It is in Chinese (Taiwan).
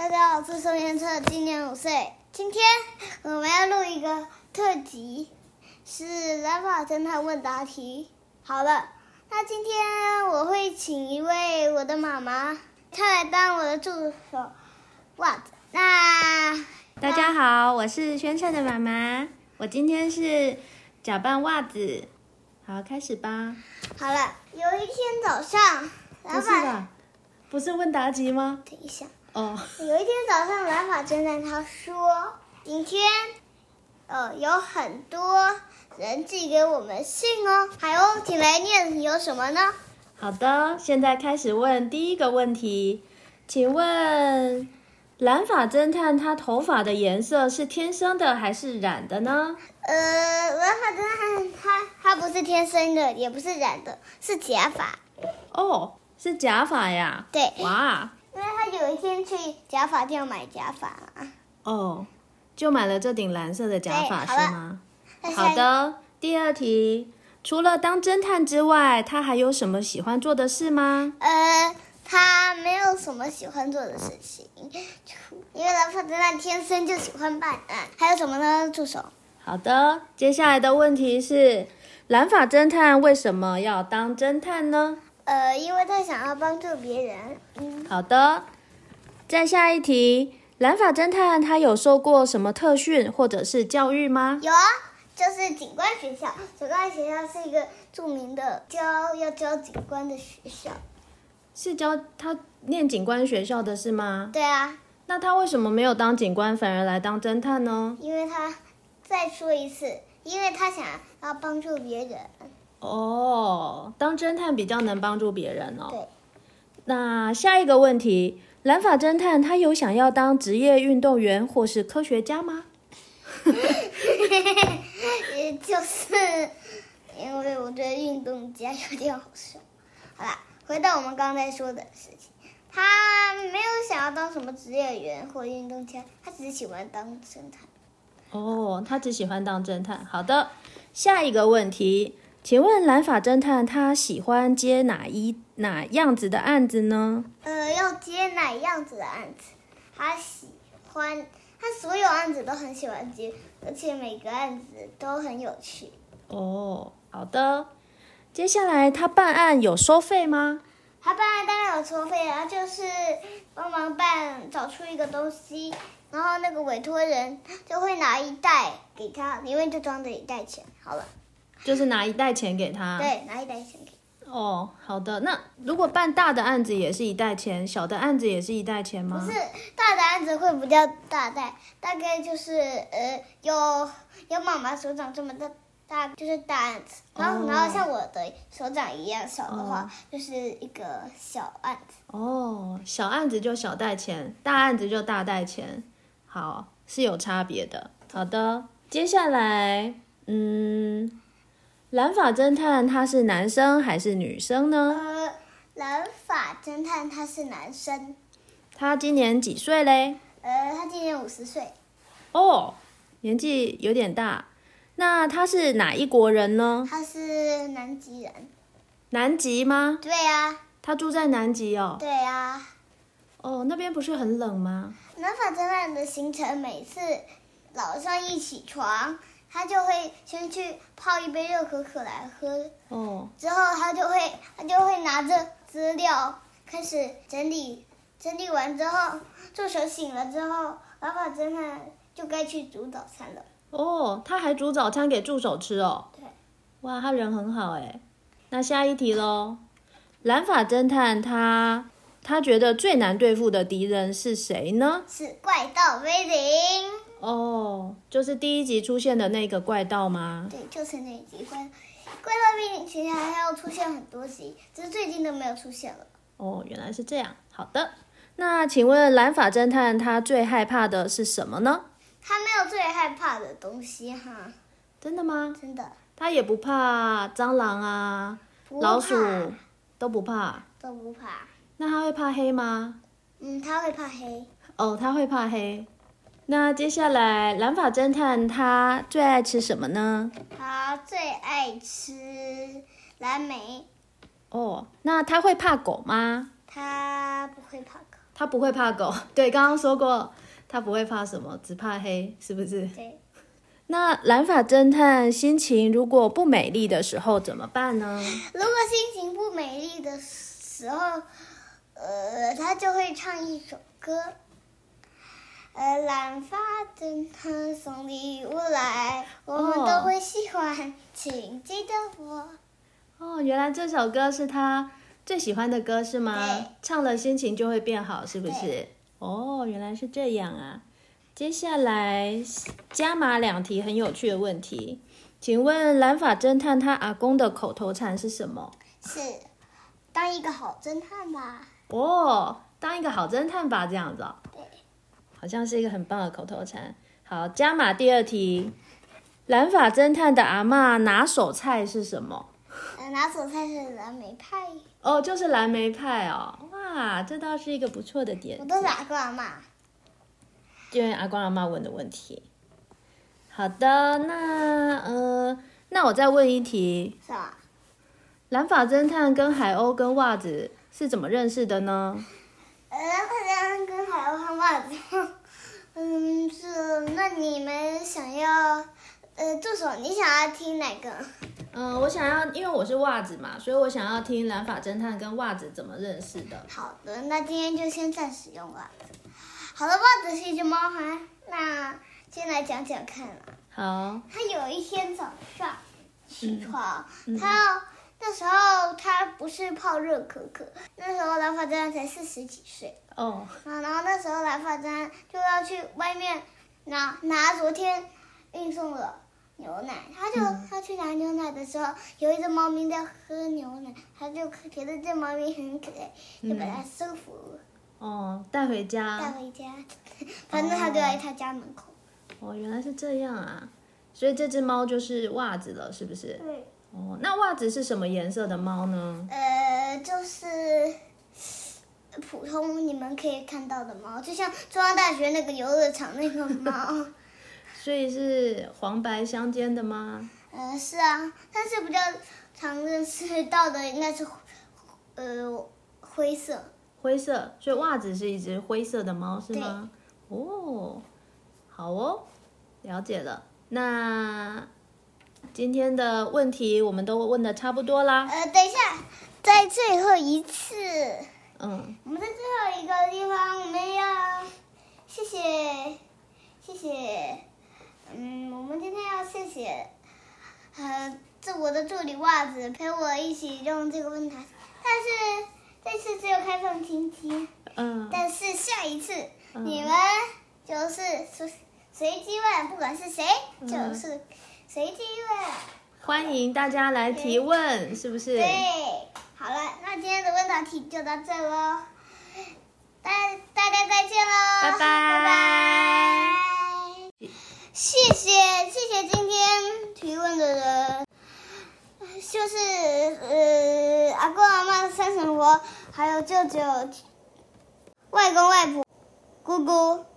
大家好，我是宋軒策，今年五歲。今天我們要錄一個特輯，是《藍髮偵探問答題》。好了，那今天我會請一位我的媽媽，她來當我的助手。襪子。那大家好，我是軒策的媽媽，我今天是假扮襪子。好，開始吧。好了，有一天早上，不是不是問答題嗎？等一下。哦，有一天早上，藍髮偵探他說：“今天，呃，有很多人寄給我們信哦。”海鷗，請來念有什麼呢？好的，現在開始問第一個問題，請問，藍髮偵探他頭髮的顏色是天生的還是染的呢？呃，藍髮偵探他他不是天生的，也不是染的，是假髮。哦，是假髮呀？對，哇。有一天去假髮店買假髮、啊、哦，就買了這頂藍色的假髮，是嗎？欸、好，好的。第二題，除了當偵探之外，他還有什麼喜歡做的事嗎？呃，他沒有什麼喜歡做的事情，因為藍髮偵探天生就喜歡辦案。還有什麼呢？助手。好的，接下來的問題是：藍髮偵探為什麼要當偵探呢？呃，因為他想要幫助別人。嗯、好的。再下一題，藍髮偵探他有受過什麼特訓或者是教育嗎？有啊，就是警官學校。警官學校是一個著名的教要教警官的學校，是教他念警官學校的，是嗎？對啊。那他為什麼沒有當警官，反而來當偵探呢？因為他再說一次，因為他想要幫助別人。哦，當偵探比較能幫助別人哦。對。那下一個問題。藍髮偵探，他有想要當職業運動員或是科學家嗎？ 也就是因為我覺得運動家有點好笑。好啦，回到我們剛才說的事情，他沒有想要當什麼職業員或運動家，他只喜歡當偵探。哦，oh, 他只喜歡當偵探。好的，下一個問題。請問藍髮偵探他喜歡接哪一哪樣子的案子呢？呃，要接哪樣子的案子？他喜歡，他所有案子都很喜歡接，而且每個案子都很有趣。哦，好的。接下來他辦案有收費嗎？他辦案當然有收費啊，就是幫忙辦找出一個東西，然後那個委托人就會拿一袋給他，裡面就裝着一袋錢。好了。就是拿一袋錢給他，對，拿一袋錢給。哦，oh, 好的。那如果辦大的案子也是一袋錢，小的案子也是一袋錢嗎？不是，大的案子會比較大袋，大概就是呃，有有媽媽手掌這麼大，大就是大案子。然後，oh. 然後像我的手掌一樣小的話，oh. 就是一個小案子。哦，oh, 小案子就小袋錢，大案子就大袋錢，好，是有差別的。好的，接下來，嗯。藍髮偵探他是男生還是女生呢？呃，藍髮偵探他是男生。他今年幾歲嘞？呃，他今年五十歲。哦，年紀有點大。那他是哪一國人呢？他是南極人。南極嗎？對呀、啊。他住在南極哦。對呀、啊。哦，那邊不是很冷嗎？藍髮偵探的行程每次早上一起床，他就會先去泡一杯熱可可來喝，哦，之後他就會他就會拿着資料開始整理，整理完之後助手醒了之後，藍髮偵探就該去煮早餐了。哦，他還煮早餐給助手吃哦。對，哇，他人很好哎。那下一題嘍，藍髮偵探他他覺得最難對付的敵人是誰呢？是怪盜威靈。哦，oh, 就是第一集出現的那個怪盜嗎？對，就是那一集怪怪盜冰冰，其實還要出現很多集，只是最近都沒有出現了。哦，oh, 原來是這樣。好的，那請問藍髮偵探他最害怕的是什麼呢？他沒有最害怕的東西哈。真的嗎？真的。他也不怕蟑螂啊，不怕，老鼠，都不怕，都不怕。不怕。那他會怕黑嗎？嗯，他會怕黑。哦，oh, 他會怕黑。那接下來，藍髮偵探他最愛吃什麼呢？他最愛吃藍莓。哦，oh, 那他會怕狗嗎？他不會怕狗。他不會怕狗。 對，剛剛說過他不會怕什麼，只怕黑，是不是？對。那藍髮偵探心情如果不美麗的時候怎麼辦呢？如果心情不美麗的時候，呃，他就會唱一首歌。呃，藍法偵探送禮物來，我們都會喜歡，哦、請記得我。哦，原來這首歌是他最喜歡的歌是嗎？對唱了心情就會變好，是不是？對哦，原來是這樣啊！接下來加碼兩題很有趣的問題，請問藍法偵探他阿公的口頭禪是什麼？是當一個好偵探吧。哦，當一個好偵探吧，這樣子哦。好像是一個很棒的口頭禪。好，加碼第二題：藍髮偵探的阿嬤拿手菜是什麼？嗯，拿手菜是藍莓派。哦，就是藍莓派哦。哇，這倒是一個不錯的點子，我都是阿公阿嬤，因為阿公阿嬤問的問題。好的，那呃，那我再問一題。是吧？藍髮偵探跟海鷗跟襪子是怎麼認識的呢？呃藍髮偵、呃、跟海鷗換襪子呵呵，嗯，是那你們想要，呃，助手，你想要聽哪個？嗯、呃，我想要，因為我是襪子嘛，所以我想要聽藍髮偵探跟襪子怎麼認識的。好的，那今天就先暫時用襪子。好的，襪子是一隻貓哈，那先來講講看了好。它有一天早上起床，它要、嗯、那時候。不是泡熱可可，那時候藍髮偵探才四十幾歲哦，oh. 然後然後那時候藍髮偵探，就要去外面拿拿昨天運送了牛奶，他就、嗯、他去拿牛奶的時候，有一只貓咪在喝牛奶，他就覺得這貓咪很可愛，嗯、就把它收服了，哦，帶回家，帶回家， 反正它就在他家門口。哦，oh. oh, 原來是這樣啊，所以這只貓就是襪子了，是不是？對、嗯。哦，那襪子是什麼顏色的貓呢？呃，就是普通你們可以看到的貓，就像中央大學那個遊樂場那個貓。 所以是黃白相間的嗎？呃，是啊，但是比較常認識到的，應該是呃灰色。灰色，所以襪子是一隻灰色的貓，是嗎？對哦，好哦，了解了，那。今天的問題我們都問的差不多啦。呃，等一下，在最後一次，嗯，我們在最後一個地方，我們要謝謝謝謝，嗯，我們今天要謝謝，呃，是我的助理襪子陪我一起用這個問答，但是這次只有開放傾聽，聽嗯，但是下一次、嗯、你們就是隨隨機問，不管是誰、嗯、就是。誰提問？歡迎大家來提問，好對是不是？對，好了，那今天的問答題就到這咯、哦。大家大家再見咯。拜拜拜,拜謝謝謝謝今天提問的人，就是呃阿公阿嬤的三嬸婆，還有舅舅外公外婆姑姑。姑姑